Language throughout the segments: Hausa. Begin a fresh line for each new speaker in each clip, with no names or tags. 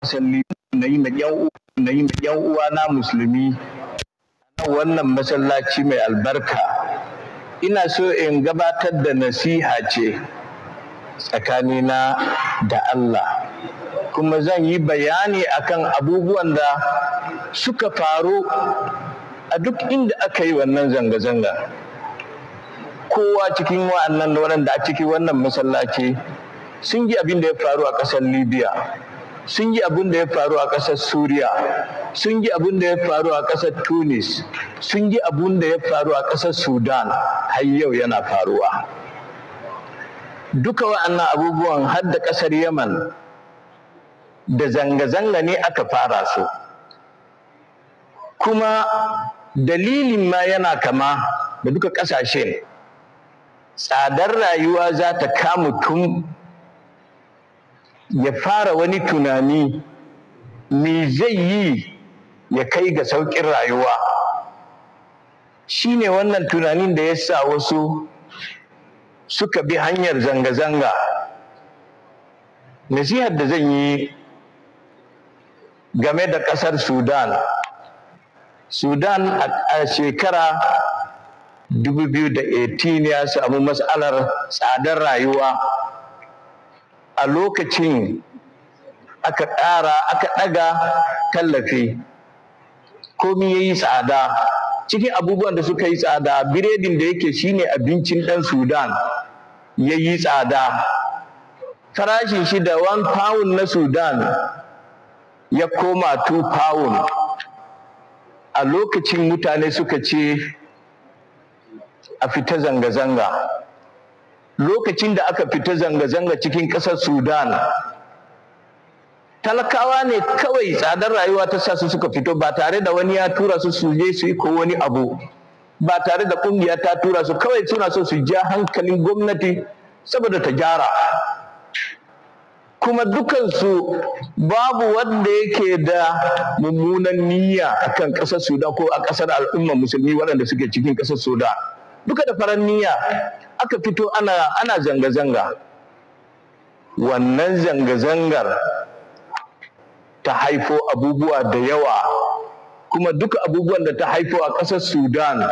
masalli na yi na yan uwa na musulmi wannan masallaci mai albarka ina so in gabatar da nasiha ce tsakanina da Allah kuma zan yi bayani akan abubuwan da suka faru a duk inda aka yi wannan zanga-zanga kowa cikin wa'annan da a ciki wannan masallaci sun yi abin da ya faru a ƙasar libya sun yi abin da ya faru a ƙasar Suriya, sun yi abin da ya faru a ƙasar Tunis, sun yi abin da ya faru a ƙasar Sudan, har yau yana faruwa. Duka wa'annan abubuwan har da ƙasar Yaman da zanga-zanga ne aka fara su. Kuma dalilin ma yana kama da duka ƙasashen. Tsadar rayuwa za ta kamu tun ya fara wani tunani me zai yi ya kai ga sauƙin rayuwa shine wannan tunanin da ya sa wasu suka bi hanyar zanga-zanga nasihar da zan yi game da ƙasar sudan sudan a shekara 2018 ya samu matsalar tsadar rayuwa a lokacin aka ƙara aka ɗaga tallafi komi ya yi tsada cikin abubuwan da suka yi tsada biredin da yake shine abincin ɗan sudan ya yi tsada farashin shi da wan pound na sudan ya koma 2 pound a lokacin mutane suka ce a fita zanga-zanga lokacin da aka fita zanga-zanga cikin ƙasar sudan talakawa ne kawai tsadar rayuwa ta sa su suka fito ba tare da wani ya tura su su je su yi ko wani abu ba tare da ƙungiya ta tura su kawai suna so su ja hankalin gwamnati saboda ta gyara kuma dukansu babu wanda yake da mummunan niyya a kan ƙasar sudan ko a ƙasar al'umma musulmi waɗanda suke cikin ƙasar sudan duka da faran niyya aka fito ana ana zanga-zanga wannan zanga-zangar ta haifo abubuwa da yawa kuma duka abubuwan da ta haifo a ƙasar sudan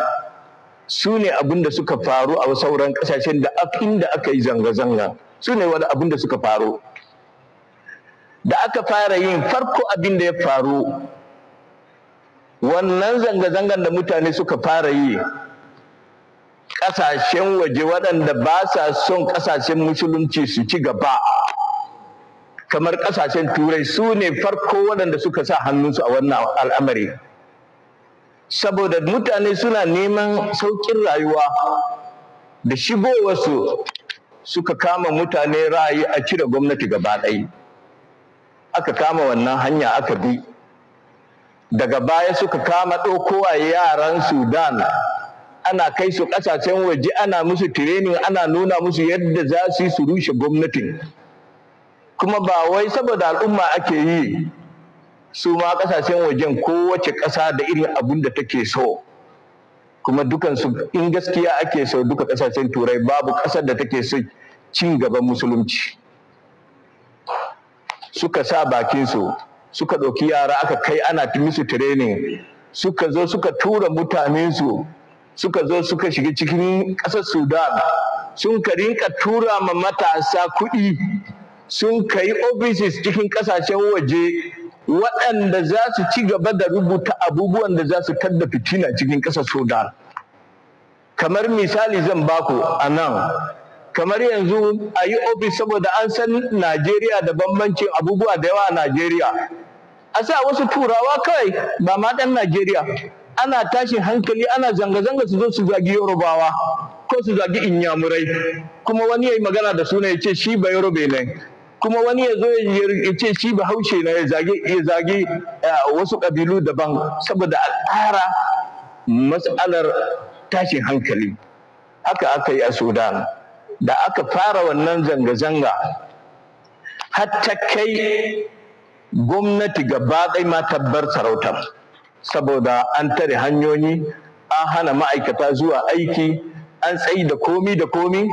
su ne abin da suka faru a sauran ƙasashen da inda aka yi zanga-zanga su ne wani abin da suka faru da aka fara yin farko abin da ya faru wannan zanga-zangan da mutane suka fara yi ƙasashen waje waɗanda ba sa son ƙasashen musulunci su ci gaba kamar ƙasashen turai su ne farko waɗanda suka sa hannunsu a wannan al'amari saboda mutane suna neman sauƙin rayuwa da shigowarsu suka kama mutane ra'ayi a cire gwamnati gaba ɗaya aka kama wannan hanya aka bi daga baya suka kama ɗaukowa yaran sudan ana kai su kasashen waje ana musu tirenin, ana nuna musu yadda za su yi su rushe gwamnatin kuma ba wai saboda al'umma ake yi su ma ƙasashen wajen kowace ƙasa da irin abin da take so kuma dukansu in gaskiya ake so duka kasashen turai babu ƙasar da take so cin gaban musulunci suka sa bakinsu suka ɗauki yara aka kai ana musu tirenin, suka zo suka tura mutanensu suka zo suka shiga cikin ƙasar sudan sun ka rinka tura ma matasa kuɗi sun ka yi offices cikin ƙasashen waje waɗanda za su ci gaba da rubuta abubuwan da za su tadda fitina cikin ƙasar sudan kamar misali zan baku a nan kamar yanzu a yi ofis saboda an san najeriya da banbancin abubuwa da yawa a najeriya a sa wasu turawa kai, ba ma ɗan najeriya ana tashin hankali ana zanga-zanga su zo su zagi yorubawa ko su zagi inyamurai kuma wani ya yi magana da suna ya ce shi ba yorube ne kuma wani ya zo ya ce shi ba haushe ne ya zagi wasu ƙabilu daban saboda a ƙara matsalar tashin hankali haka aka yi a sudan da aka fara wannan zanga-zanga har ta kai gwamnati gaba ma tabbar sarautar saboda an tare hanyoyi an hana ma'aikata zuwa aiki an tsayi da komi da komi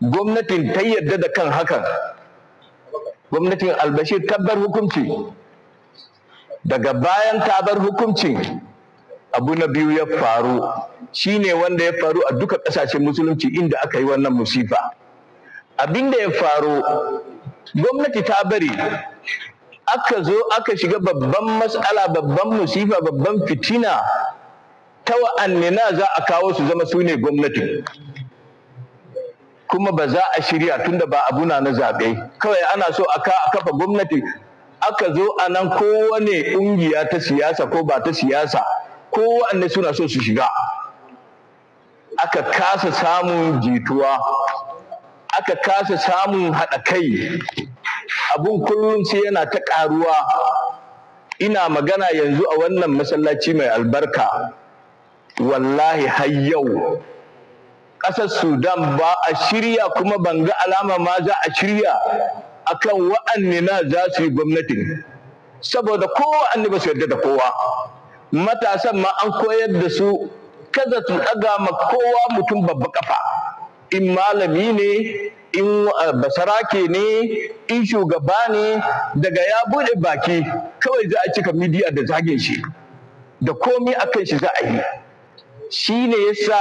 gwamnatin ta yarda da kan hakan gwamnatin albashir ta bar hukunci daga bayan ta bar hukunci abu na biyu ya faru shine wanda ya faru a duka ƙasashen musulunci inda aka yi wannan musifa abinda ya faru gwamnati ta bari aka zo aka shiga babban matsala babban musifa babban fitina ta wa'annina za a kawo su zama su ne gwamnatin kuma ba za a shirya tunda ba abuna na zaɓe kawai ana so a kafa gwamnati aka zo a nan kowane ƙungiya ta siyasa ko ba ta siyasa kowanne suna so su shiga aka kasa samun jituwa aka kasa samun haɗa kai abun kullum sai yana ta ƙaruwa ina magana yanzu a wannan masallaci mai albarka wallahi har yau ƙasar sudan ba a shirya kuma ban ga alama ma za a shirya akan na za su yi gwamnatin saboda kowa an ba su yarda da kowa matasan ma an koyar da su kada su ɗaga ma kowa mutum babba kafa in malami ne in eh, basarake ne in shugaba ne daga ya bude baki kawai za a cika midiya da zagin shi da komi a kan shi za a yi shi ne ya sa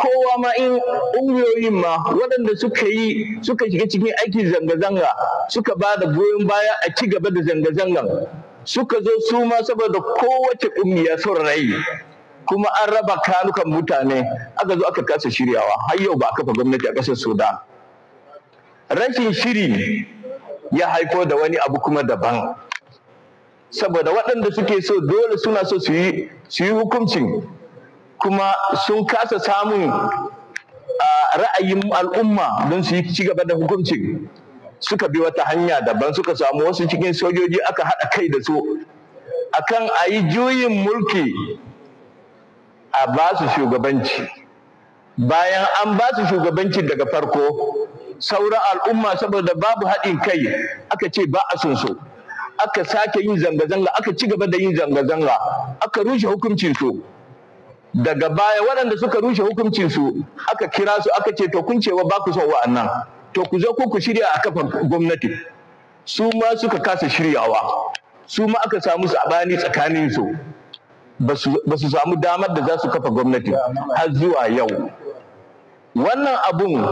kowa ma in ƙungiyoyin ma waɗanda suka yi suka shiga cikin aikin zanga-zanga suka ba da goyon baya a ci gaba da zanga-zangan suka zo su ma saboda kowace ƙungiya saurayi kuma an raba kanukan mutane aka zo aka kasa shiryawa har yau ba a kafa gwamnati a ƙasar sudan rashin shiri ya haifo da wani abu kuma daban saboda waɗanda suke so dole suna so su yi hukuncin kuma sun kasa samun ra'ayin al'umma don su yi ci gaba da hukuncin suka bi wata hanya daban suka samu wasu cikin sojoji aka haɗa kai da su akan a yi juyin mulki a ba su shugabanci bayan an ba su shugabanci daga farko sauran al'umma saboda babu haɗin kai aka ce ba a son so aka sake yin zanga-zanga aka ci gaba da yin zanga-zanga aka rushe hukuncin su daga baya waɗanda suka rushe hukuncin su aka kira su aka ce to kun cewa ba ku son wa'annan to ku zo ku shirya a kafa gwamnati su ma suka kasa shiryawa su ma aka samu sabani tsakanin su ba su samu damar da za su kafa gwamnati har zuwa yau wannan abun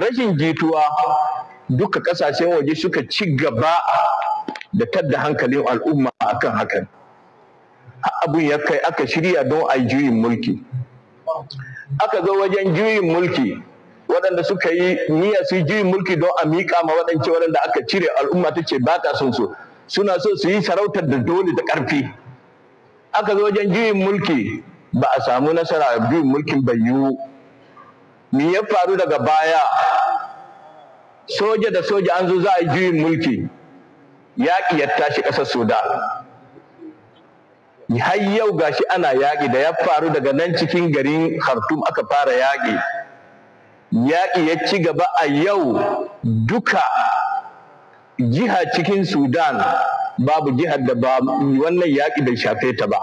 rashin jituwa duka kasashen waje suka ci gaba da tadda hankalin al'umma akan hakan abun ya kai aka shirya don a juyin mulki aka zo wajen juyin mulki waɗanda suka yi niyya su juyin mulki don a miƙa ma waɗance waɗanda aka cire al'umma ta ce ba ta son su suna so su yi sarautar da dole da ƙarfi aka zo wajen juyin mulki ba a samu nasara juyin mulkin bai yiwu me ya faru daga baya soja da soja an zo za a yi juyin mulki yaƙi ya tashi ƙasar sudan har yau gashi ana yaƙi da ya faru daga nan cikin garin khartum aka fara yaƙi yaƙi ya ci gaba a yau duka jiha cikin sudan babu jihar da ba wannan yaƙi bai shafe ta ba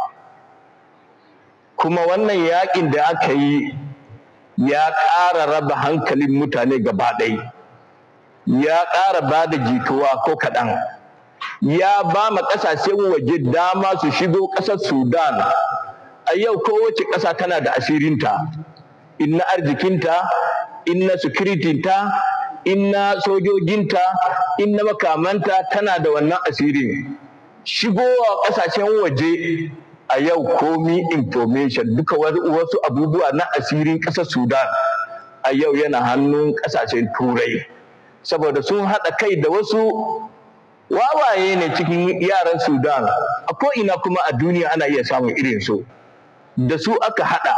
kuma wannan yaƙin da aka yi ya ƙara raba hankalin mutane gaba ɗaya ya ƙara ba da jituwa ko kaɗan ya ba ma ƙasashen waje dama su shigo ƙasar sudan a yau kowace ƙasa tana da asirinta in na arzikinta in na sukiritinta in sojojinta in makamanta tana da wannan asirin shigowa ƙasashen waje a yau komi information duka wasu abubuwa na asirin ƙasar sudan a yau yana hannun ƙasashen turai saboda sun haɗa kai da wasu wawaye ne cikin yaran sudan a ko'ina kuma a duniya ana iya samun irin su da su aka haɗa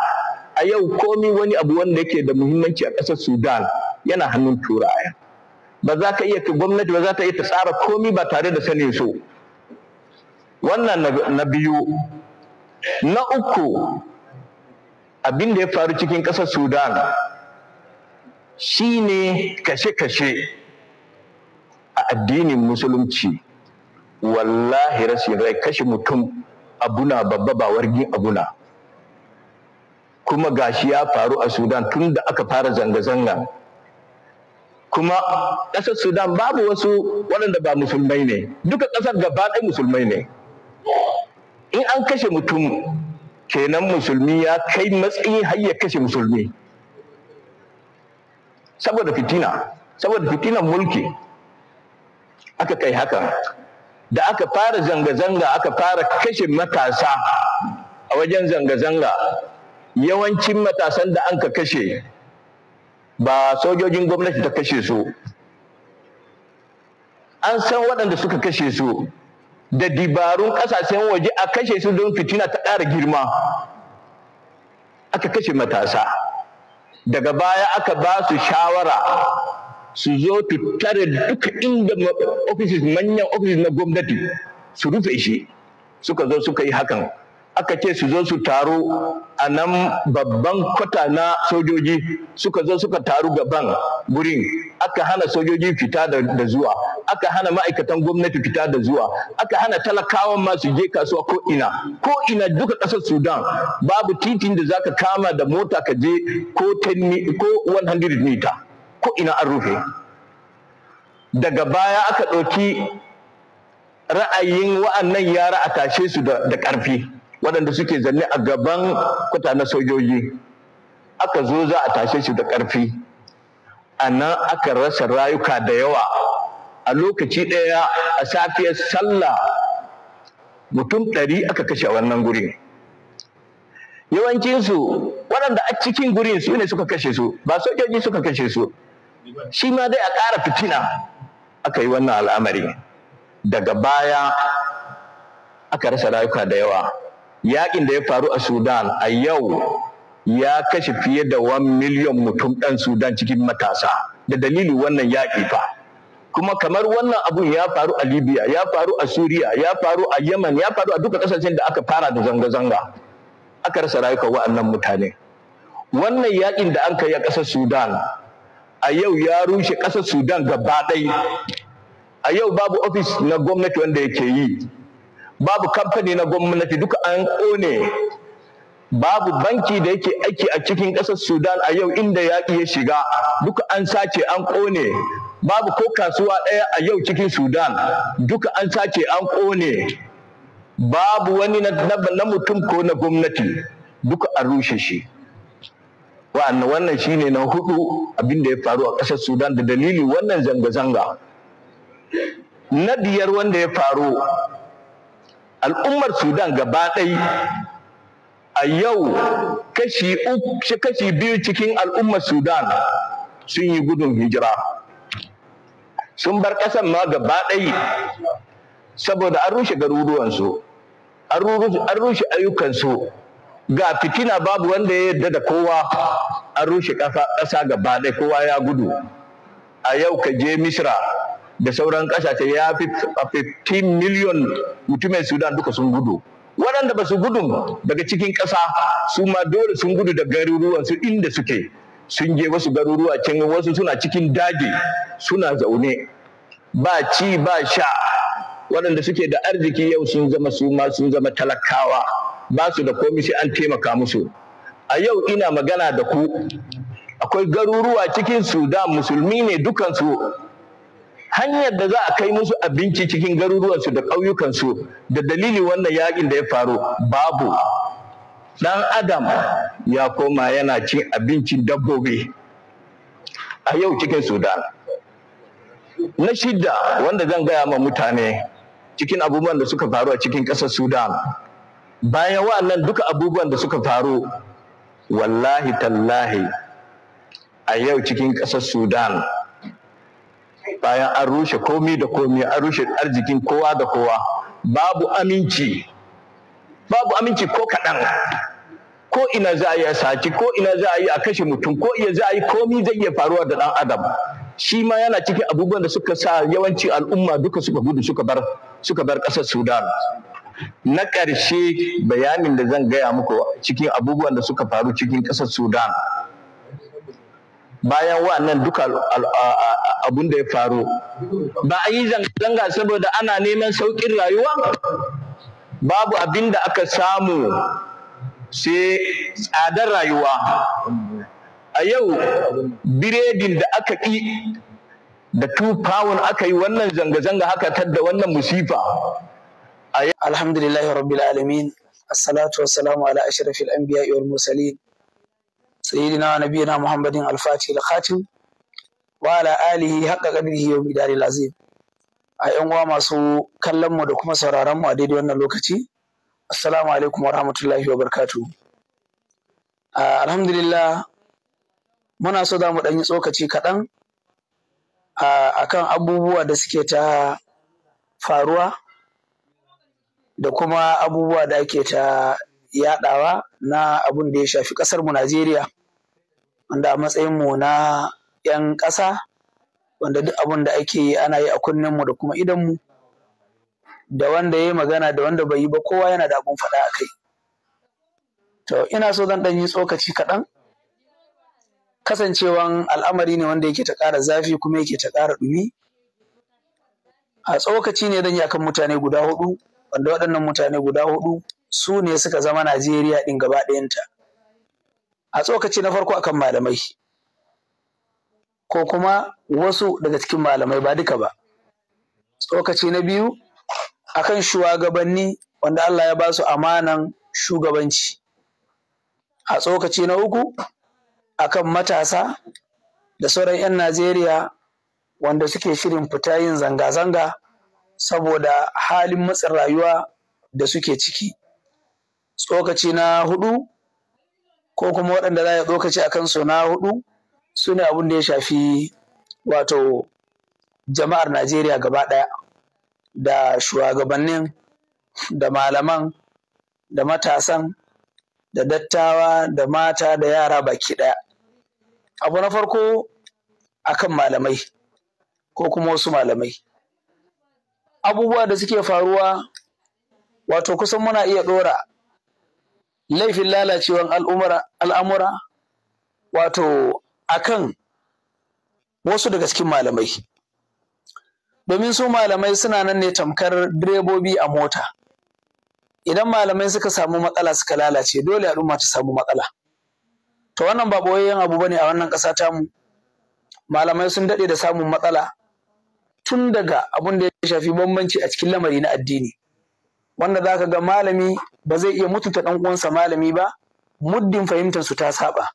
a yau komi wani abu wanda yake da muhimmanci a ƙasar sudan yana hannun turaya ba za ka iya gwamnati ba za ta iya ta tsara komi ba tare da sanin su wannan na biyu na uku abin da ya faru cikin ƙasar sudan shine kashe-kashe a addinin musulunci wallahi rashin rai kashe mutum abuna babba ba wargin abuna kuma gashi ya faru a sudan tun da aka fara zanga-zangan kuma ƙasar sudan babu wasu waɗanda ba musulmai ne duka ƙasar gaba ɗaya musulmai ne in an kashe mutum kenan musulmi ya kai matsayi har ya kashe musulmi saboda fitina saboda fitinan mulki aka kai hakan da aka fara zanga-zanga aka fara kashe matasa a wajen zanga-zanga yawancin matasan da an kashe ba sojojin gwamnati ta kashe su an san waɗanda suka kashe su da dibarun ƙasashen waje a kashe su don fitina ta ƙara girma aka kashe matasa daga baya aka ba su shawara su zo tare duka inda ofisis manyan ofisis na gwamnati su rufe shi suka zo suka yi hakan aka ce su zo su taru a nan babban kwata na sojoji suka zo suka taru gaban gurin aka hana sojoji fita da zuwa aka hana ma'aikatan gwamnati fita da zuwa aka hana talakawan ma je kasuwa ko ina ko ina duka ƙasar sudan babu titin da zaka kama da mota ka je ko 100 mita ko ina an rufe daga baya aka ɗauki ra'ayin wa'annan yara a tashe su da ƙarfi waɗanda suke zanne a gaban kuta na sojoji aka zo za a tashe su da ƙarfi a nan aka rasa rayuka da yawa a lokaci ɗaya a safiyar sallah mutum ɗari aka kashe a wannan gurin yawancinsu waɗanda a cikin gurin su ne suka kashe su ba sojoji suka kashe su shi ma dai a ƙara fitina aka yi wannan al'amari daga baya aka rasa rayuka da yawa Yaƙin da ya faru a Sudan a yau ya kashe fiye da 1 miliyan mutum ɗan Sudan cikin matasa da dalilin wannan yaƙi fa kuma kamar wannan abun ya faru a Libya ya faru a Suriya ya faru a yaman ya faru a duka kasashen da aka fara da zanga-zanga aka rasa rayuka wa'annan mutane wannan yaƙin da an kai a ƙasar Sudan a yau ya rushe ƙasar Sudan gaba ɗaya a yau babu ofis na gwamnati wanda yake yi babu kamfani na gwamnati duka an ƙone babu banki da yake aiki a cikin ƙasar sudan a yau inda ya iya shiga duka an sace an ƙone babu ko kasuwa ɗaya a yau cikin sudan duka an sace an ƙone babu wani na mutum ko na gwamnati duka an rushe shi wannan shine na hudu abin ya faru a ƙasar sudan da dalili wannan zanga-zanga na biyar wanda ya faru al'ummar sudan gaba ɗai a yau kashi biyu cikin al'ummar sudan sun yi gudun hijira sun bar ƙasar ma gaba ɗai saboda an rushe garuruwansu an rushe ayyukansu ga fitina babu wanda ya yarda da kowa an rushe ƙasa gaba ɗai kowa ya gudu a yau ka je misra da sauran kasashe ya fi 15 miliyon mutumin sudan duka sun gudu waɗanda ba su gudun daga cikin ƙasa su ma dole sun gudu da garuruwan su inda suke sun je wasu garuruwa can wasu suna cikin daji suna zaune ba ci ba sha waɗanda suke da arziki yau sun zama su ma sun zama talakawa ba su da komi sai an taimaka musu a yau ina magana da ku akwai garuruwa cikin sudan musulmi ne dukansu hanyar da za a kai musu abinci cikin garuruwansu da ƙauyukansu da dalili wannan yaƙin da ya faru babu ɗan adam ya koma yana cin abincin dabbobi a yau cikin sudan na shidda wanda zan gaya ma mutane cikin abubuwan da suka faru a cikin ƙasar sudan bayan wa'annan duka abubuwan da suka faru wallahi tallahi a yau cikin ƙasar sudan bayan an rushe komi da komi an rushe arzikin kowa da kowa babu aminci babu aminci ko kaɗan ko ina za a yi a saci ko ina za a yi a kashe mutum ko iya za a yi komi zai iya faruwa da ɗan adam shi ma yana cikin abubuwan da suka sa yawanci al'umma duka suka gudu suka bar suka bar ƙasar sudan na ƙarshe bayanin da zan gaya muku cikin abubuwan da suka faru cikin ƙasar sudan bayan wa'annan duka abun da ya faru ba a yi zanga-zanga saboda ana neman saukin rayuwa babu abin da aka samu sai tsadar rayuwa a yau biredin
da aka ƙi da tufawun aka yi wannan zanga-zanga haka ta da wannan musifa alhamdulillahi rabbil alamin assalatu wassalamu ala ashrafil anbiya'i wal mursalin سيدنا نبينا محمد الفاتح الخاتم وعلى آله حق wa ومدار العظيم a yan uwa masu kallon mu da kuma sauraron mu a daidai wannan lokaci assalamu alaikum warahmatullahi wabarakatuh alhamdulillah muna so za mu ɗan yi tsokaci kaɗan a kan abubuwa da suke ta faruwa da kuma abubuwa da ake ta yaɗawa na abun da ya shafi ƙasarmu Najeriya wanda a matsayinmu na 'yan ƙasa wanda duk abin da ake yi ana yi a kunnen mu da kuma idonmu da wanda ya yi magana da wanda bai yi ba kowa yana da abin faɗa a kai to ina so zan ɗan yi tsokaci kaɗan kasancewan al'amari ne wanda yake ta ƙara zafi kuma yake ta ƙara ɗumi a tsokaci ne zan yi akan mutane guda hudu wanda waɗannan mutane guda hudu su ne suka zama najeriya ɗin gaba ɗayanta a tsokaci na farko akan malamai ko kuma wasu daga cikin malamai ba duka ba tsokaci na biyu akan shugabanni wanda Allah ya ba su amanan shugabanci a tsokaci na uku akan matasa da sauran 'yan Najeriya wanda suke shirin fita yin zanga-zanga saboda halin matsin rayuwa da suke ciki tsokaci na hudu ko kuma waɗanda za a tsokaci a kan na hudu su ne abin da ya shafi wato jama'ar najeriya gaba ɗaya da shugabannin da malaman da matasan da dattawa da mata da yara baki ɗaya abu na farko akan malamai ko kuma wasu malamai abubuwa da suke faruwa wato kusan muna iya ɗora laifin lalacewan al'amura wato akan wasu daga cikin malamai domin su malamai suna nan ne tamkar direbobi a mota idan malamai suka samu matsala suka lalace dole al'umma ta samu matsala Ta wannan ba boyayyen abu bane a wannan ƙasa tamu malamai sun daɗe da samun matsala tun daga abin da ya shafi bambanci a cikin lamari na addini wanda za ka ga malami ba zai iya mutunta ɗan uwansa malami ba muddin fahimtar su ta saba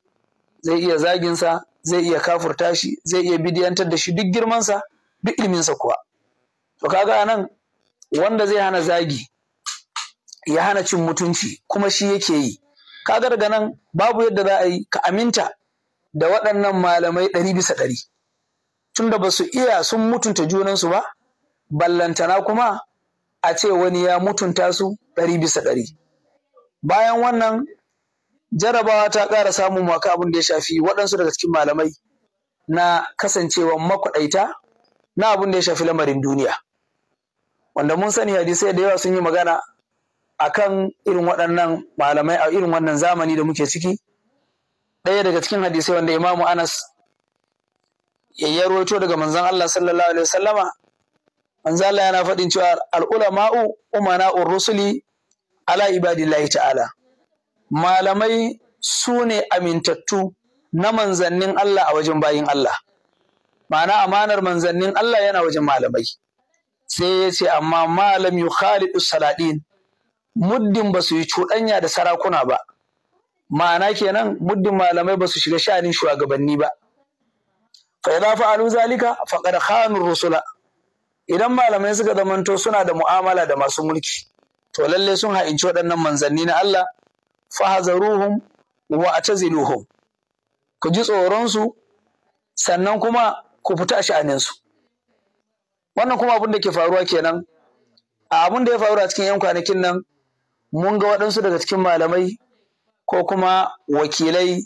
zai iya zaginsa zai iya kafurta shi zai iya bidiyantar da shi duk girmansa duk ilminsa kuwa to kaga anan wanda zai hana zagi ya hana cin mutunci kuma shi yake yi kaga daga nan babu yadda za a yi ka aminta da waɗannan malamai ɗari bisa ɗari tunda ba su iya sun mutunta junansu ba ballantana kuma a ce wani ya mutunta su ɗari bisa ɗari bayan wannan jarabawa ta ƙara samun maka abin da ya shafi waɗansu daga cikin malamai na kasancewa makwaɗaita na abin da ya shafi lamarin duniya wanda mun sani hadisai da yawa sun yi magana a kan irin waɗannan malamai a irin wannan zamani da muke ciki ɗaya daga cikin hadisai wanda imamu anas ya yarwato daga manzon Allah sallallahu alaihi wasallama manzo Allah yana faɗin cewa alulama'u ulama'u umana'ur rusuli ala ibadillahi ta'ala malamai su ne amintattu na manzannin Allah a wajen bayin Allah ma'ana amanar manzannin Allah yana wajen malamai sai ya ce amma malam yukhalidu saladin muddin ba su yi cuɗanya da sarakuna ba ma'ana kenan muddin malamai ba su shiga sha'anin shugabanni ba fa idza fa'alu zalika faqad khanu rusula idan malamai suka zamanto suna da mu'amala da masu mulki to lalle sun ha'inci waɗannan manzanni na Allah fahazaruhum wa ataziluhum ku ji tsoronsu sannan kuma ku fita a sha'aninsu wannan kuma abin da ke faruwa kenan a abin da ya faru a cikin 'yan kwanakin nan mun ga waɗansu daga cikin malamai ko kuma wakilai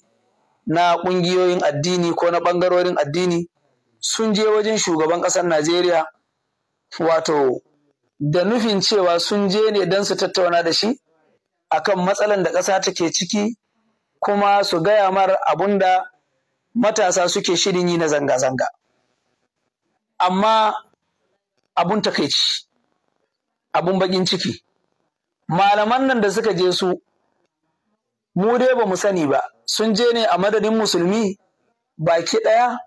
na ƙungiyoyin addini ko na ɓangarorin addini sun je wajen shugaban ƙasar najeriya wato da nufin cewa sun je ne don su tattauna da shi akan matsalan da ƙasa take ciki kuma su gaya mar abun da matasa suke shirin yi na zanga-zanga amma abun takaici abun baƙin ciki malaman nan da suka je su mu dai ba mu sani ba sun je ne a madadin musulmi baki ɗaya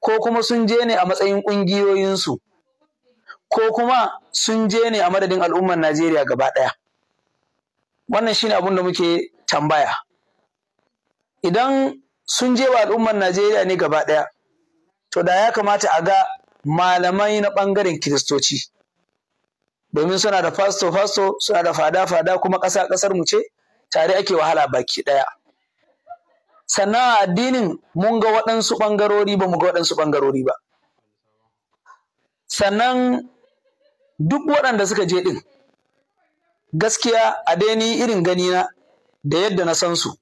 ko kuma sun je ne a matsayin ƙungiyoyinsu ko kuma sun je ne a madadin al'ummar Najeriya gaba ɗaya wannan ne abin da muke tambaya idan sun je wa al'ummar Najeriya ne gaba ɗaya to da ya kamata a ga malamai na ɓangaren kiristoci domin suna da fasto fasto suna da fada fada kuma ƙasa ƙasar mu ce tare ake wahala baki ɗaya sannan a addinin mun ga waɗansu ɓangarori ba mu ga waɗansu ɓangarori ba sannan duk waɗanda suka je ɗin gaskiya a ni irin ganina da yadda na san su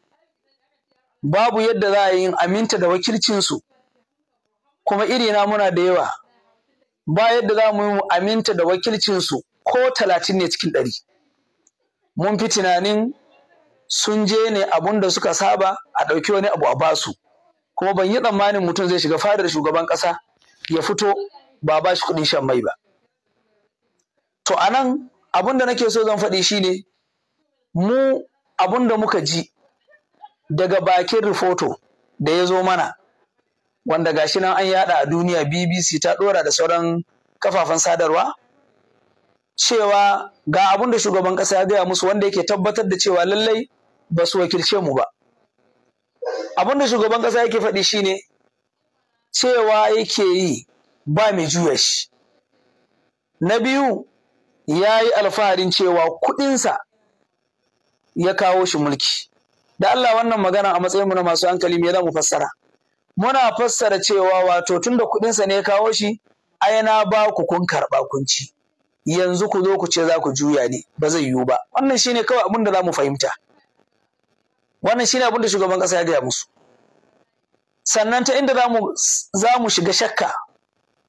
babu yadda za a yi aminta da wakilcinsu kuma irina muna da yawa ba yadda za mu yi aminta da wakilcinsu ko talatin ne cikin ɗari mun fi tunanin sun je ne abun da suka saba a ɗauki wani abu a basu kuma ban yi tsammanin mutum zai shiga fadar shugaban ƙasa ya fito ba ba shi kuɗin shan mai ba to a nan abin da nake so zan faɗi shi ne, mu abin da muka ji daga bakin rifoto da ya zo mana wanda gashi nan an yaɗa a duniya bbc ta ɗora da sauran kafafen sadarwa cewa ga abin da shugaban ƙasa ya gaya musu wanda yake tabbatar da cewa lallai ba su wakilce mu ba abin da shugaban ƙasa yake faɗi shi ne, cewa yake yi ba mai juya shi na biyu ya yi alfaharin cewa kuɗinsa ya kawo shi mulki da Allah wannan magana a matsayinmu na masu hankali me za mu fassara muna fassara cewa wato tunda kuɗinsa ne ya kawo shi ai na ba ku kun karɓa kunci. yanzu ku zo ku ce za ku juya ne ba zai yiwu ba wannan shine kawai abin da za mu fahimta wannan shine abin da shugaban ƙasa ya gaya musu sannan ta inda za mu shiga shakka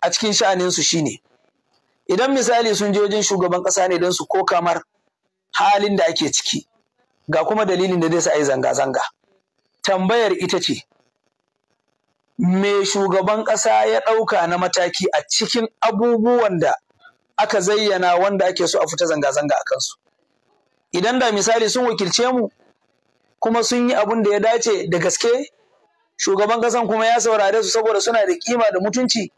a cikin sha'aninsu shine idan misali sun je wajen shugaban ƙasa ne don su ko kamar halin da ake ciki ga kuma dalilin da zai sa a yi zanga-zanga tambayar ita ce me shugaban ƙasa ya ɗauka na mataki a cikin abubuwan da aka zayyana wanda ake so a fita zanga-zanga a kansu idan da misali sun wakilce mu kuma sun yi abun da ya dace da gaske shugaban ƙasan kuma ya saurare su saboda suna da kima da mutunci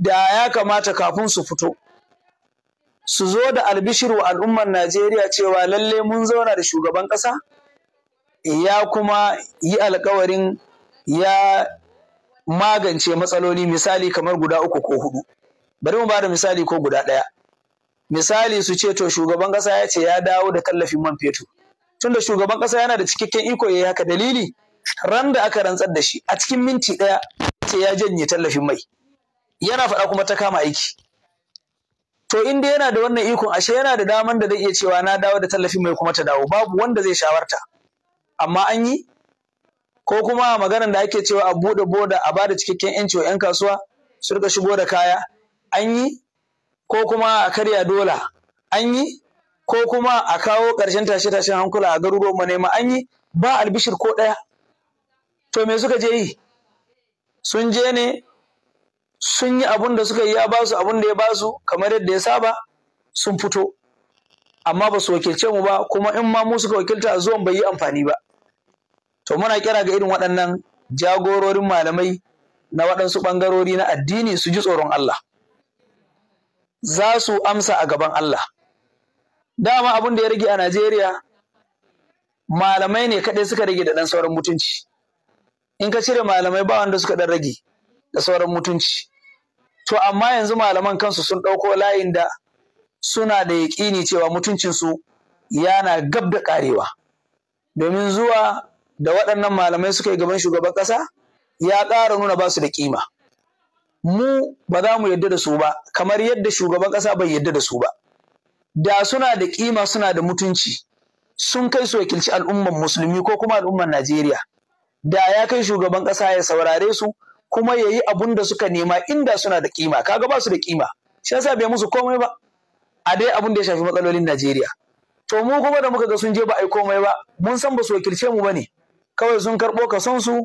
da ya kamata kafin su fito su zo da albishiru wa al'ummar Najeriya cewa lalle mun zauna da shugaban ƙasa ya kuma yi alkawarin ya magance matsaloli misali kamar guda uku ko hudu bari mu ba da misali ko guda ɗaya misali su ce to shugaban ƙasa ya ce ya dawo da tallafin man fetur tunda shugaban ƙasa yana da cikakken iko ya yi haka dalili ran da aka rantsar da shi a cikin minti ɗaya ce ya janye tallafin mai yana faɗa kuma ta kama aiki to in dai yana da wannan ikon ashe yana da daman da zai iya cewa na dawo da tallafi mai kuma ta dawo babu wanda zai shawarta amma an yi ko kuma maganar da ake cewa a buɗe boda a bada cikakken yanci wa ƴan kasuwa su rika shigo da kaya an yi ko kuma a karya dola an yi ko kuma a kawo ƙarshen tashe-tashen hankula a garuruwan manema an yi ba albishir ko ɗaya to me suka je yi sun je ne sun yi abun da suka yi ya basu abun da ya basu kamar yadda ya saba sun fito amma ba su wakilce mu ba kuma in ma mu suka wakilta a zuwan bai yi amfani ba to muna kira ga irin waɗannan jagororin malamai na waɗansu ɓangarori na addini su ji tsoron Allah za su amsa a gaban Allah dama abin da ya rage a Najeriya malamai ne kaɗai suka rage da ɗan sauran mutunci in ka cire malamai ba wanda suka ɗan rage da sauran mutunci to amma yanzu malaman kansu sun ɗauko layin da suna da yaƙini cewa mutuncinsu yana gab da ƙarewa domin zuwa da waɗannan malamai suka yi gaban shugaban ƙasa ya ƙara nuna ba su da ƙima mu ba za mu yadda da su ba kamar yadda shugaban ƙasa bai yadda da su ba da suna da ƙima suna da mutunci sun kai su wakilci al'umman musulmi ko kuma al'umman najeriya da ya kai shugaban ƙasa ya saurare su kuma ya yi abun da suka nema inda suna da kima kaga ba su da kima shi yasa bai musu komai ba a dai abun da ya shafi matsalolin Najeriya to mu kuma da muka ga sun je ba a yi komai ba mun san ba su wakilce mu ba ne. kawai sun karɓo kason su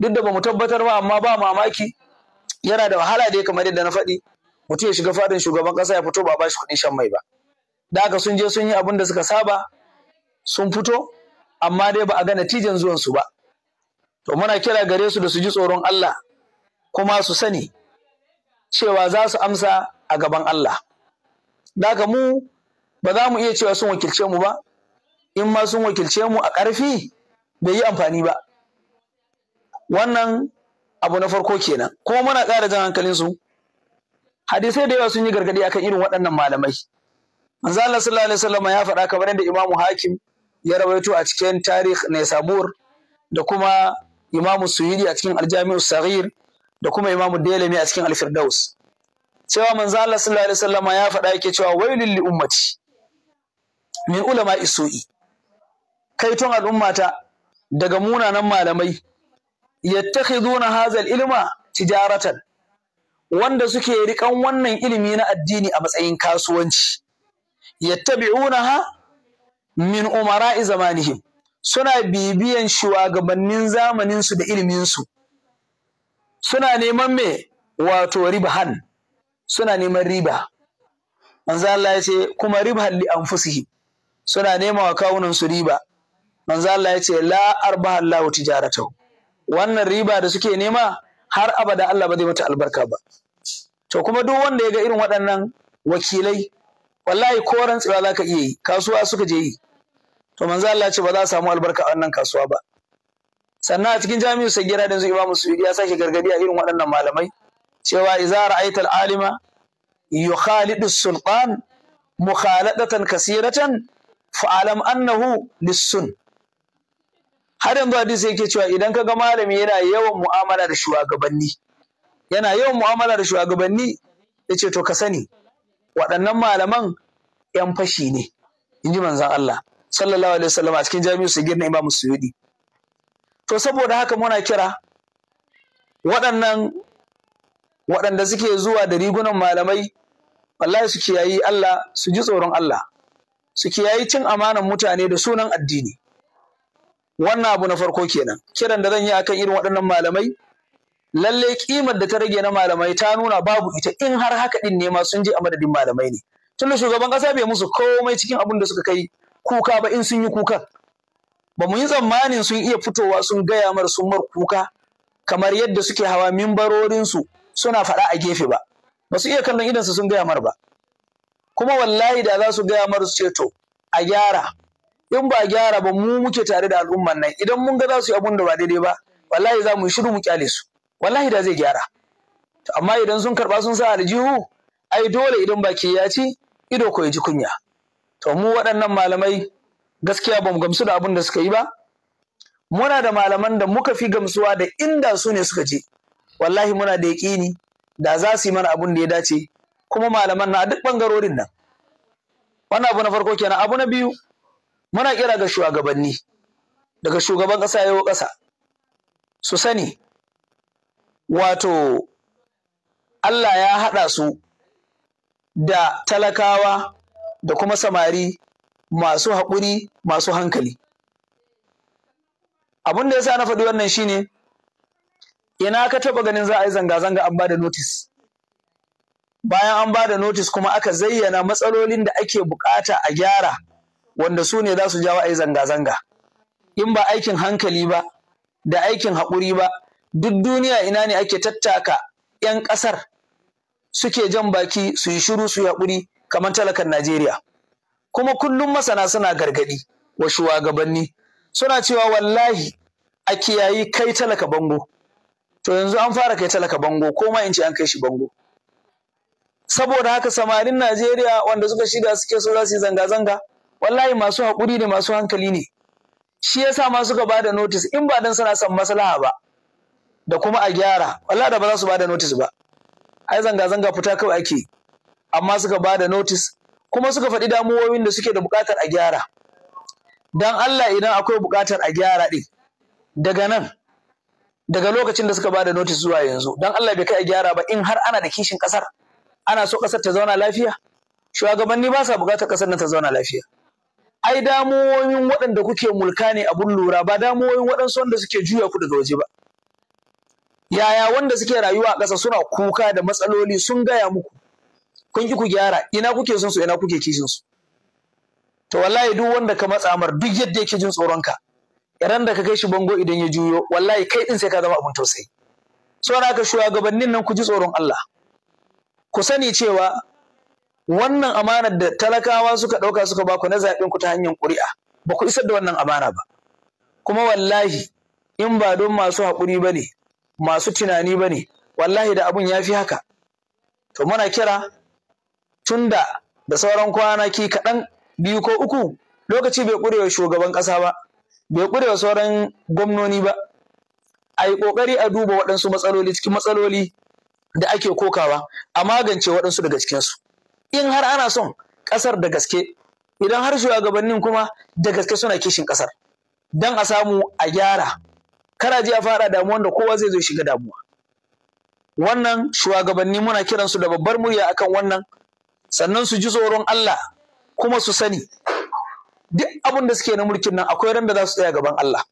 duk da ba mu tabbatar ba amma ba mamaki yana da wahala da dai kamar yadda na faɗi mutum ya shiga fadin shugaban ƙasa ya fito ba ba shi kuɗin shan mai ba da aka sun je sun yi abun da suka saba sun fito amma dai ba a ga natijan zuwan su ba to muna kira gare su da su ji tsoron Allah kuma su sani cewa za su amsa a gaban Allah daga mu ba za mu iya cewa sun wakilce mu ba in ma sun wakilce mu a ƙarfi bai yi amfani ba wannan abu na farko kenan kuma muna ƙara jan hankalinsu hadisai da yawa sun yi gargaɗi akan irin waɗannan malamai Manzala sallallahu alaihi wasallam ya faɗa kamar yadda Imam Hakim ya rawaito a cikin tarikh Naisabur da kuma imamu suhidi a cikin aljami'u saghir da kuma imamu delemi a cikin alfirdaus cewa manzo Allah sallallahu alaihi wasallama ya faɗa yake cewa wailul li ummati min ulama isu'i kaiton al'ummata daga munanan malamai yattakhiduna hadha al-ilma tijaratan wanda suke rikan wannan ilimi na addini a matsayin kasuwanci yattabi'unaha min umara'i zamanihim suna bibiyan shugabannin zamaninsu da iliminsu suna neman me wato ribhan suna neman riba manzo Allah ya ce kuma ribhan li anfusihim suna nema wa kawunan su riba manzo Allah ya ce la arbaha Allahu tijaratahu wannan riba da suke nema har abada Allah ba zai mata albarka ba to kuma duk wanda ya ga irin waɗannan wakilai wallahi ko za zaka iya yi kasuwa suka je yi to manzo Allah ce ba za a samu albarka a wannan kasuwa ba sannan a cikin jami'u sagira da yanzu imamu suyudi ya sake gargadi a irin waɗannan malamai cewa idza ra'aita alima yukhalidu sultan mukhaladatan kasiratan fa'alam annahu lissun har yanzu hadisi yake cewa idan ka ga malami yana yawan mu'amala da shugabanni yana yawan mu'amala da shugabanni yace to ka sani waɗannan malaman yan fashi ne inji manzon Allah sallallahu alaihi wasallam a cikin jami'u su na imamu Suyudi to saboda haka muna kira waɗannan waɗanda suke zuwa da rigunan malamai wallahi su kiyayi Allah su ji tsoron Allah su kiyayi cin amanan mutane da sunan addini wannan abu na farko kenan kiran da zan yi akan irin waɗannan malamai lalle kimar da ta rage na malamai ta nuna babu ita in har haka din ne ma sun je a madadin malamai ne da shugaban kasa bai musu komai cikin abin da suka kai kuka ba in sun yi kukan ba mu yi tsammanin sun iya fitowa sun gaya mar sun mar kuka kamar yadda suke hawa mimbarorinsu suna faɗa a gefe ba ba su iya kallon idansu sun gaya mar ba kuma wallahi da za su gaya mar su ce to a gyara in ba gyara ba mu muke tare da al'ummar nan idan mun ga za su yi abun da ba daidai ba wallahi za mu yi shiru mu kyale su wallahi da zai gyara amma idan sun karɓa sun sa aljihu ai dole idan baki ya ci ido ko ya ji kunya to mu waɗannan malamai gaskiya ba mu gamsu da abin da suka yi ba muna da malaman da muka fi gamsuwa da inda su ne suka je wallahi muna da yaƙini da za su yi mana abin da ya dace kuma malaman na duk ɓangarorin nan wannan abu na farko kenan abu na biyu muna kira ga shugabanni daga shugaban ƙasa yawo ƙasa su sani wato Allah ya haɗa su da talakawa da kuma samari masu haƙuri masu hankali abin da ya sa na faɗi wannan shine ina ka taɓa ganin za a yi zanga-zanga an ba da notis bayan an ba da notis kuma aka zayyana matsalolin da ake buƙata a gyara wanda su ne za su jawo a yi zanga-zanga in ba aikin hankali ba da aikin haƙuri ba duk duniya ina ne ake tattaka 'yan ƙasar suke jan baki su yi shiru su yi haƙuri kamar talakan Najeriya kuma kullum masana suna gargaɗi, wa shugabanni suna cewa wallahi a kiyayi kai talaka bango to yanzu an fara kai talaka bango ko ma in ce an kai shi bango saboda haka samarin Najeriya wanda suka shiga suke so za su yi zanga-zanga wallahi masu haƙuri ne masu hankali ne shi yasa ma suka ba da notis in ba dan suna son maslaha ba da kuma a gyara wallahi da ba za su ba da notis ba ai zanga-zanga fita kawai ake amma suka ba da notis kuma suka faɗi damuwoyin da suke da buƙatar a gyara don Allah idan akwai buƙatar a gyara ɗin daga nan daga lokacin da suka ba da notice zuwa yanzu don Allah bai kai a gyara ba in har ana da kishin ƙasar ana so ƙasar ta zauna lafiya shugabanni ba sa buƙatar ƙasar nan ta zauna lafiya ai damuwoyin waɗanda kuke mulka ne abun lura ba damuwoyin waɗansu wanda suke juya ku daga waje ba yaya wanda suke rayuwa a ƙasa suna kuka da matsaloli sun gaya muku kun ki ku gyara ina kuke son su ina kuke kishin su to wallahi duk wanda ka matsa mar duk yadda yake jin tsoron ka idan da ka kai shi bango idan ya juyo wallahi kai din sai ka zama abin tausayi so na ka shugabannin nan ku ji tsoron Allah ku sani cewa wannan amanar da talakawa suka dauka suka ba ku na zaben ku ta hanyar ƙuri'a ba ku isar da wannan amana ba kuma wallahi in ba don masu haƙuri ba ne masu tunani ba ne wallahi da abun ya fi haka to muna kira tunda da sauran kwanaki kaɗan biyu ko uku lokaci bai ƙurewa shugaban ƙasa ba bai ƙurewa sauran gwamnoni ba a yi ƙoƙari a duba waɗansu matsaloli cikin matsaloli da ake kokawa a magance waɗansu daga cikinsu in har ana son ƙasar da gaske idan har shugabannin kuma da gaske suna kishin ƙasar don a samu a gyara kana ji a fara damuwan da kowa zai zo shiga damuwa wannan shugabanni muna kiransu da babbar murya akan wannan sannan su ji tsoron Allah kuma su sani duk abin da suke na mulkin nan akwai ran da za su tsaya gaban Allah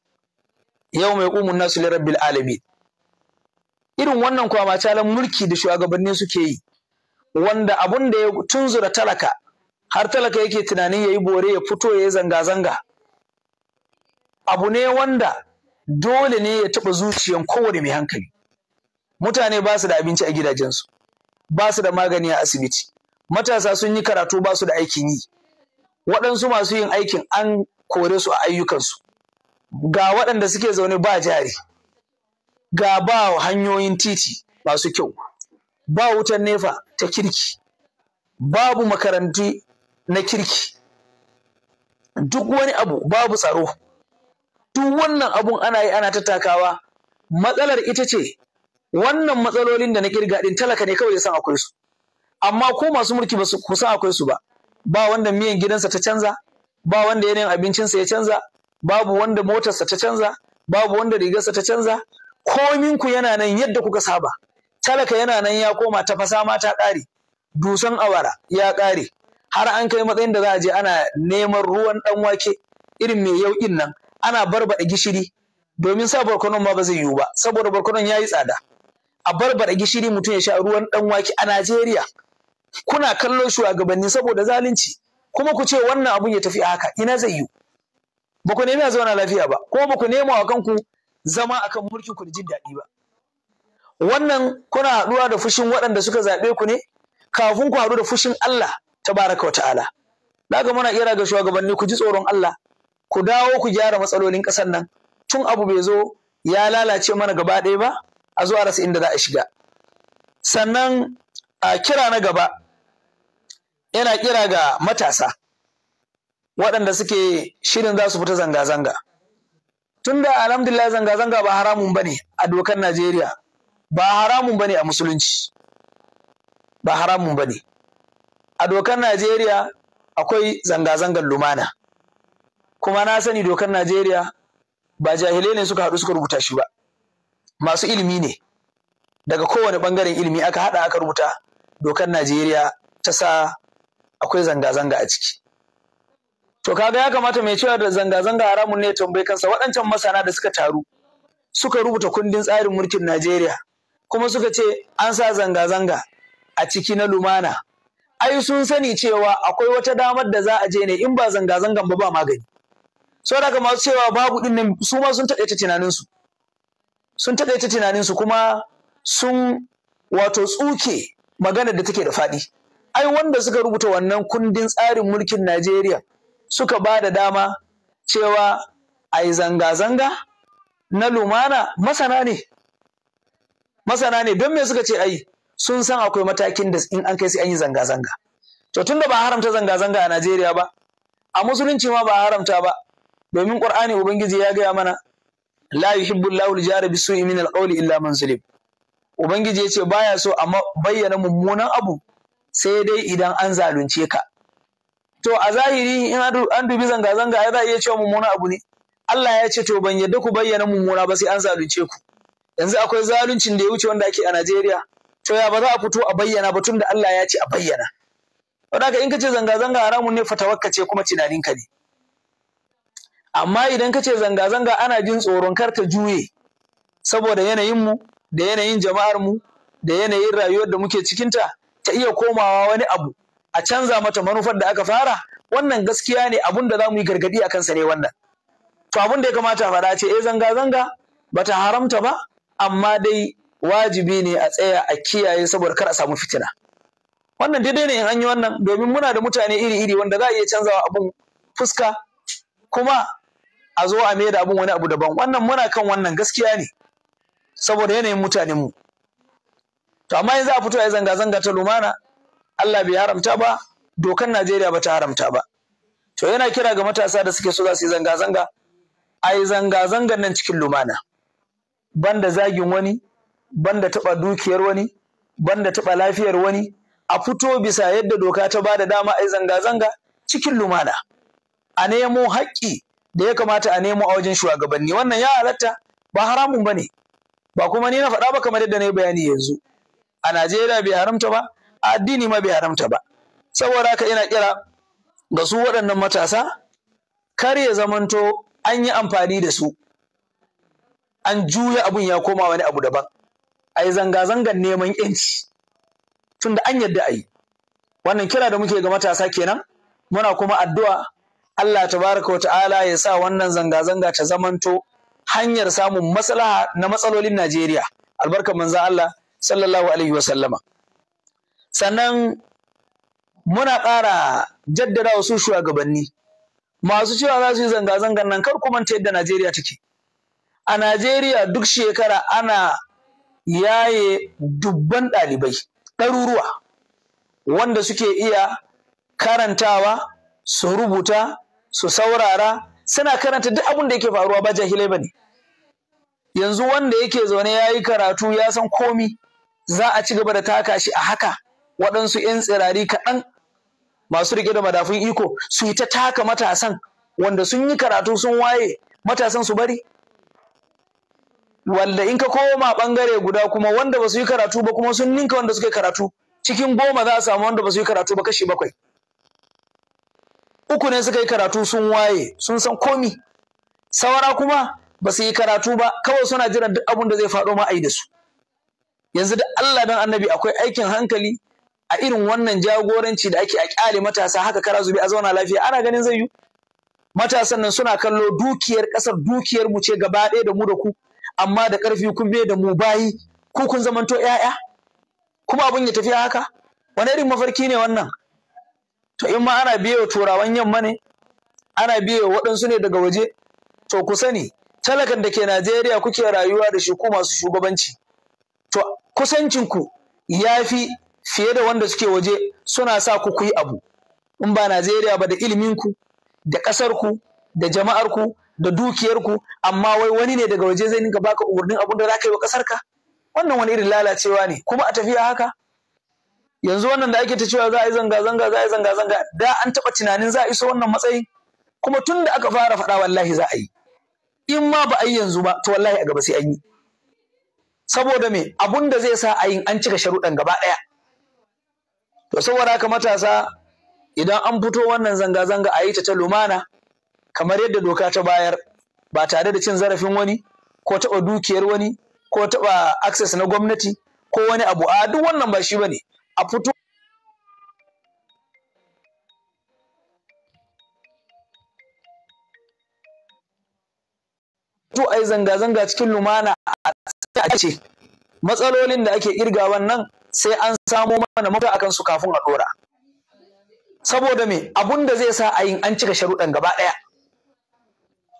yau mai ƙumun nasu li rabbil alamin irin wannan macalan mulki da shugabanni suke yi wanda abun da ya tunzura talaka har talaka yake tunanin ya yi bore ya fito ya yi zanga-zanga abu ne wanda dole ne ya taɓa zuciyan kowane mai hankali mutane ba su da abinci a gidajensu ba su da magani a asibiti matasa sun yi karatu ba su da aikin yi waɗansu masu yin aikin an kore su a ayyukansu ga waɗanda suke zaune ba jari ga ba hanyoyin titi masu kyau ba wutan nefa ta kirki babu makarantu na kirki duk wani abu babu tsaro duk wannan abun ana yi ana tattakawa matsalar ita ce wannan matsalolin da na kirga ɗin talaka ne kawai ya san akwai su amma ko masu mulki ba su kusa akwai su ba ba wanda miyan gidansa ta canza ba wanda yanayin abincinsa ya canza babu wanda motarsa ta canza babu wanda rigarsa ta canza kominku yana nan yadda kuka saba talaka yana nan ya koma tafasa ma ta ƙare dusan awara ya ƙare har an kai matsayin da za a je ana neman ruwan ɗan wake irin mai yauƙin nan ana barbaɗa gishiri domin sa barkonon ma ba zai yiwu ba saboda barkonon ya yi tsada a barbaɗa gishiri mutum ya sha ruwan ɗan wake a Najeriya kuna kallon shugabanni saboda zalunci kuma ku ce wannan abun ya tafi haka ina zai yi ba ku nemi a zauna lafiya ba kuma ba ku nema wa kanku zama akan mulkin ku da jin daɗi ba wannan kuna haɗuwa da fushin waɗanda suka zaɓe ku ne kafin ku haɗu da fushin Allah Ta baraka wa ta'ala daga muna kira ga shugabanni ku ji tsoron Allah ku dawo ku gyara matsalolin ƙasar nan tun abu bai zo ya lalace mana gaba ɗaya ba a zuwa rasa inda za a shiga sannan a kira na gaba yana kira ga matasa waɗanda suke shirin za su fita zanga-zanga tunda alhamdulillah zanga-zanga ba haramun ba ne a dokar Najeriya ba haramun ba ne a musulunci ba haramun ba ne. a dokar Najeriya akwai zanga-zangar lumana kuma na sani dokar Najeriya ba jahilai ne suka haɗu suka rubuta shi ba masu ilimi ne daga kowane ɓangaren ilimi aka haɗa aka rubuta dokar Najeriya ta sa akwai zanga-zanga a ciki to kaga ya kamata mai cewa da zanga-zanga haramun ne ya tambayi kansa waɗancan masana da suka taru suka rubuta kundin tsarin mulkin Najeriya kuma suka ce an sa zanga-zanga a ciki na lumana ai sun sani cewa akwai wata damar da za a je ne in ba zanga-zangan ba ba magani sau daga masu cewa babu ɗin nan su ma sun taƙaita tunaninsu sun taƙaita tunaninsu kuma sun wato tsuke magana da take da faɗi ai wanda suka rubuta wannan kundin tsarin mulkin Najeriya suka ba da dama cewa a yi zanga-zanga na lumana masana ne masana ne don me suka ce ai sun san akwai matakin da in an kai sai an yi zanga-zanga to tunda ba haramta zanga-zanga a Najeriya ba a musulunci ma ba haramta ba domin Qur'ani ubangiji ya gaya mana la yuhibbu Allahu al-jara bisu'i min al illa man ubangiji ya ce baya so a bayyana mummunan abu sai dai idan an zalunce ka to a zahiri in an dubi zanga-zanga ya za a iya cewa mummuna abu ne Allah ya ce to ban yadda ku bayyana mummuna ba sai an zalunce ku yanzu akwai zaluncin da ya wuce wanda ake a Najeriya to ya ba za a fito a bayyana ba tun da Allah ya ce a bayyana saboda in ka ce zanga-zanga haramun ne fatawakka ce kuma ka ne amma idan ka ce zanga-zanga ana jin tsoron kar ta juye saboda yanayinmu da yanayin jama'armu da yanayin rayuwar da muke cikinta ta iya komawa wani abu a canza mata manufar da aka fara wannan gaskiya ne abun da za mu yi gargadi a kansa ne wannan to abun da ya kamata faɗa ce eh zanga zanga bata haramta ba amma dai wajibi ne a tsaya a kiyaye saboda kar a samu fitina wannan daidai ne in an yi wannan domin muna da mutane iri iri wanda za a iya canzawa abun fuska kuma a zo a mai da abun wani abu daban wannan muna kan wannan gaskiya ne saboda yanayin mutanenmu to amma yanzu a fito a yi zanga-zanga ta lumana Allah bai haramta ba dokan Najeriya ba ta haramta ba to yana kira ga matasa da suke so za su yi zanga-zanga a yi zanga-zangan nan cikin lumana banda zagin wani banda taɓa dukiyar wani banda taɓa lafiyar wani a fito bisa yadda doka ta ba da dama a yi zanga-zanga cikin lumana a nemo haƙƙi da ya kamata a nemo a wajen shugabanni wannan ya halatta ba haramun ba ne ba kuma ni na faɗa ba kamar yadda na yi bayani yanzu a Najeriya bai haramta ba a addini ma bai haramta ba saboda haka ina kira ga su waɗannan matasa kar ya zamanto an yi amfani da su an juya abun ya koma wani abu daban a yi zanga-zangar neman yanci da an yadda a yi wannan kira da muke ga matasa kenan muna kuma addu'a Allah baraka wa ta'ala ya sa wannan zanga-zanga ta zamanto hanyar samun maslaha na matsalolin Najeriya albarkar manzo Allah sallallahu alaihi wasallama sannan muna ƙara jaddada wasu shugabanni masu cewa za su yi zanga-zangar nan kar ku manta yadda Najeriya take a Najeriya duk shekara ana yaye dubban ɗalibai ɗaruruwa wanda suke iya karantawa su rubuta su saurara suna karanta duk abin da yake faruwa ba jahilai ba ne yanzu wanda yake zaune ya yi karatu ya san komi za a ci gaba da taka shi a haka waɗansu 'yan tsirari kaɗan masu rike da madafun iko su yi ta taka matasan wanda sun yi karatu sun waye matasan su bari wanda in ka koma ɓangare guda kuma wanda ba su yi karatu ba kuma sun ninka wanda suka yi karatu cikin goma za a samu wanda ba su yi karatu ba kashi bakwai uku ne suka yi karatu sun waye sun san komi saura kuma ba su yi karatu ba kawai suna jiran duk abin da zai faɗo ma a yi da su yanzu da Allah dan annabi akwai aikin hankali a irin wannan jagoranci da ake a kyale matasa haka kara zubi a zauna lafiya ana ganin zai yi matasan nan suna kallo dukiyar kasar dukiyar mu ce gaba ɗaya da mu da ku amma da karfi kun bai da mu bayi ku kun zamanto ƴaƴa kuma abin ya tafi haka wani irin mafarki ne wannan to in ma ana biye wa turawan yamma ne ana biye wa waɗansu ne daga waje to ku sani talakan da ke Najeriya kuke rayuwa da shi ku masu shugabanci to kusancinku ya fi fiye da wanda suke waje suna sa ku kuyi abu in ba Najeriya ba da iliminku da ƙasarku da jama'arku da dukiyarku amma wai wani ne daga waje zai ninka baka umarnin abin da za ka yi wa ƙasarka wannan wani irin lalacewa ne kuma a tafiya haka yanzu wannan da ake ta cewa za a yi zanga-zanga za a yi zanga-zanga da an taɓa tunanin za a iso wannan matsayin kuma tun da aka fara faɗa wallahi za a yi in ma ba a yi yanzu ba to wallahi a gaba sai an yi saboda me abun da zai sa a yin an cika sharuɗan gaba ɗaya to saboda haka matasa idan an fito wannan zanga-zanga a yi ta ta lumana kamar yadda doka ta bayar ba tare da cin zarafin wani ko taɓa dukiyar wani ko taɓa access na gwamnati ko wani abu a duk wannan ba shi ba ne,' a fito to yi zanga-zanga cikin lumana a a matsalolin da ake kirgawan nan sai an samo mana mafita akan su kafin a dora saboda me abun da zai sa a yin an cika sharuɗan gaba ɗaya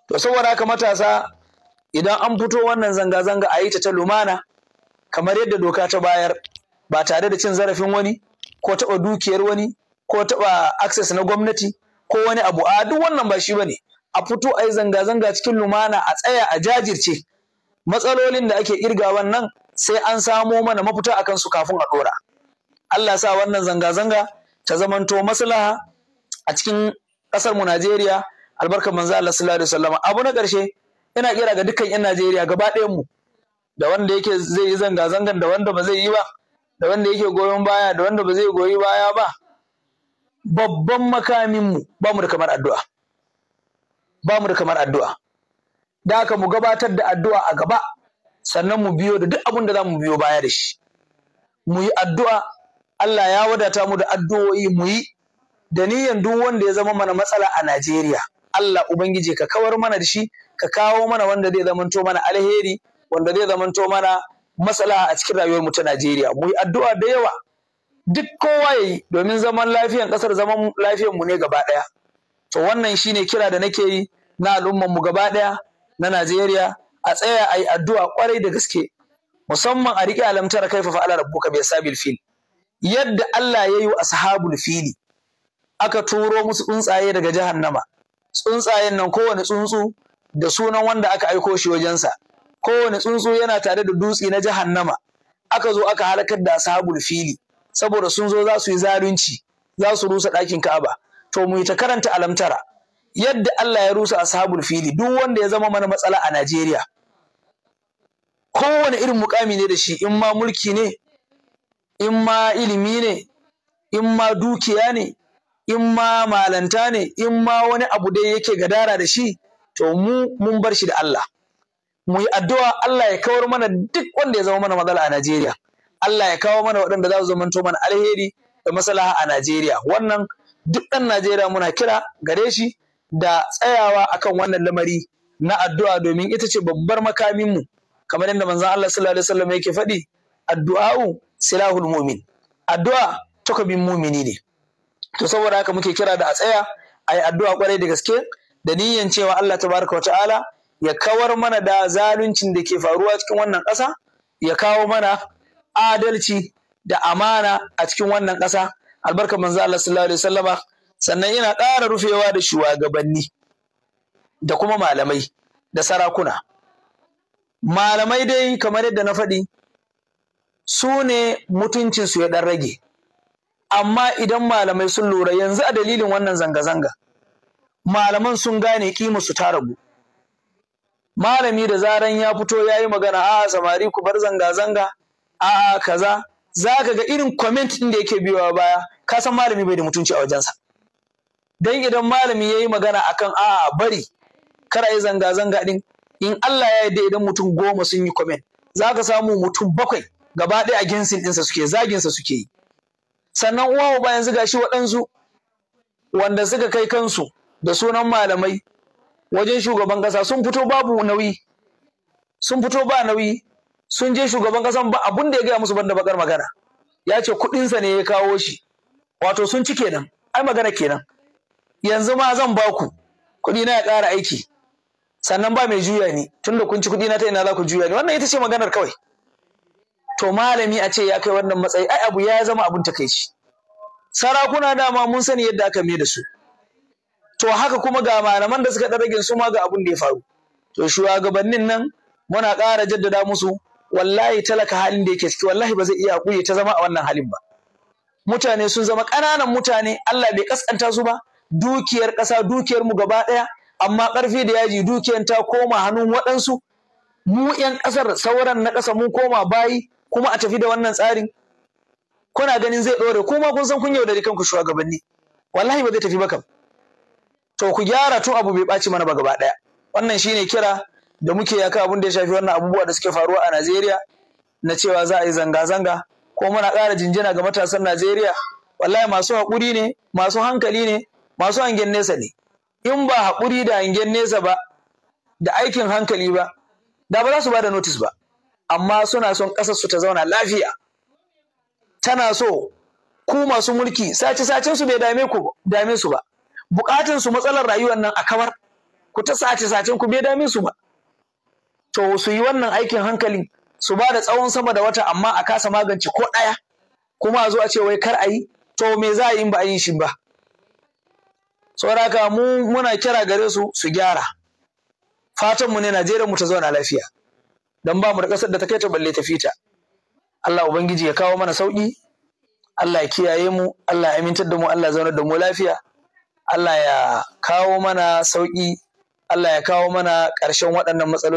to saboda haka matasa idan an fito wannan zanga-zanga a yi ta ta lumana kamar yadda doka ta bayar ba tare da cin zarafin wani ko taɓa dukiyar wani ko taɓa access na gwamnati ko wani abu a duk wannan ba shi ba ne a fito a yi zanga-zanga cikin lumana a tsaya a jajirce matsalolin da ake kirga wannan, sai an samo mana mafita akan su kafin a dora Allah sa wannan zanga-zanga ta zamanto maslaha a cikin ƙasarmu Najeriya albarkar manzo Allah sallallahu alaihi wasallam abu na ƙarshe ina kira ga dukkan ƴan Najeriya gaba ɗayan mu da wanda yake zai yi zanga-zangan da wanda ba zai yi ba da wanda yake goyon baya da wanda ba zai goyi baya ba babban makamin mu ba mu da kamar addu'a ba mu da kamar addu'a da haka mu gabatar da addu'a a gaba sannan mu biyo da duk abin da za mu biyo baya da shi mu yi addu'a Allah ya wadata mu da addu'o'i mu yi da niyan duk wanda ya zama mana matsala a Najeriya Allah ubangiji ka kawar mana da shi ka kawo mana wanda zai zamanto mana alheri wanda zai zamanto mana matsala a cikin rayuwar mu ta Najeriya mu yi addu'a da yawa duk kowa yayi domin zaman lafiyan kasar zaman lafiyan mu ne gaba ɗaya. to wannan shine kira da nake yi na al'umman mu gaba ɗaya. na Najeriya a tsaya a yi addu'a kwarai da gaske musamman a riƙe alamtar kaifa fa'ala rabbuka bi sabil fil yadda Allah ya yi wa ashabul fili aka turo musu tsuntsaye daga jahannama tsuntsayen nan kowane tsuntsu da sunan wanda aka aiko shi wajen sa kowane tsuntsu yana tare da dutse na jahannama aka zo aka halakar da ashabul fili saboda sun zo za su yi zalunci za su rusa ɗakin Ka'aba to mu yi ta karanta alamtara yadda Allah ya rusa ashabul fili duk wanda ya zama mana matsala a Najeriya kowane irin mukami ne da shi in ma mulki ne in ma ilimi ne in ma dukiya ne in ma malanta ne in ma wani abu dai yake gadara da shi to mu mun bar shi da Allah mu yi addu'a Allah ya kawar mana duk wanda ya zama mana matsala a Najeriya Allah ya kawo mana waɗanda za su zama mana alheri da maslaha a Najeriya wannan duk ɗan Najeriya muna kira gare shi da tsayawa akan wannan lamari na addu'a domin ita ce babbar makaminmu. mu kamar yadda manzon Allah sallallahu alaihi wasallam yake faɗi addu'a'u silahul mu'min addu'a takobin mumini ne to saboda haka muke kira da a tsaya a yi addu'a kwarai da gaske da niyyan cewa Allah tabaraka ta'ala ya kawar mana da zaluncin da ke faruwa cikin wannan ƙasa ya kawo mana adalci da amana a cikin wannan ƙasa albarkar manzo Allah sallallahu alaihi wasallam sannan yana ƙara rufewa da shugabanni da kuma malamai da sarakuna malamai dai kamar yadda na faɗi su ne mutuncinsu ya ɗan rage amma idan malamai sun lura yanzu a dalilin wannan zanga-zanga malaman sun gane kima su ta ragu malami da zaran ya fito ya yi magana a samari ku bar zanga-zanga a kaza za ka ga irin comment ɗin da yake biyowa baya ka san malami bai da mutunci a wajensa dan idan malami yi magana akan a bari kar ayi zanga zanga din in Allah ya yarda idan mutum goma sun yi comment zaka samu mutum bakwai gaba ɗaya a ginsin ɗinsa suke zagin sa suke yi sannan uwa ba yanzu gashi waɗansu wanda suka kai kansu da sunan malamai wajen shugaban kasa sun fito babu nauyi sun fito ba nauyi sun je shugaban kasan ba abun da ya gaya musu banda bakar magana ya ce kuɗinsa ne ya kawo shi wato sun ci kenan ai magana kenan yanzu ma zan ba ku kuɗi na ya ƙara aiki sannan ba mai juya ni tunda kun ci kuɗi na ta ina za ku juya ni wannan ita ce maganar kawai to malami a ce ya kai wannan matsayi ai abu ya zama abun takaici sarakuna dama mun sani yadda aka mai da su to haka kuma ga malaman da suka ɗarage su ma ga abun da ya faru to shugabannin nan muna ƙara jaddada musu wallahi talaka halin da yake ciki wallahi ba zai iya haƙuri ta zama a wannan halin ba mutane sun zama ƙananan mutane Allah bai kaskanta su ba dukiyar ƙasa dukiyar mu gaba ɗaya amma ƙarfi da yaji dukiyar ta koma hannun waɗansu mu 'yan ƙasar sauran na ƙasa mun koma bayi kuma a tafi da wannan tsarin kuna ganin zai ɗore kuma kun san kun yaudari kanku shugabanni wallahi ba zai tafi ba kam to ku gyara tun abu bai ɓaci mana ba gaba ɗaya wannan shine kira da muke yaka abin da ya shafi wannan abubuwa da suke faruwa a Najeriya na cewa za a yi zanga-zanga ko muna ƙara jinjina ga matasan Najeriya wallahi masu haƙuri ne masu hankali ne masu hangen nesa ne in ba haƙuri da hangen nesa ba da aikin hankali ba da ba za su ba da notice ba amma suna son ƙasar su ta zauna lafiya tana so ku masu mulki sace sacen su bai dame ku dame su ba bukatun su matsalar rayuwar nan a kamar ku ta sace sacen ku bai dame su ba to su yi wannan aikin hankali su ba da tsawon sama da wata amma a kasa magance ko ɗaya kuma a zo a ce wai kar a yi to me za a yi in ba a yi shi ba saboda mu muna kira gare su su gyara fatan mu ne Najeriya mu ta zauna lafiya Don ba mu da kasar da ta kai ta balle ta fita Allah ubangiji ya kawo mana sauki Allah ya kiyaye mu Allah ya amintar da mu Allah ya zaunar da mu lafiya Allah ya kawo mana sauki Allah ya kawo mana ƙarshen waɗannan matsaloli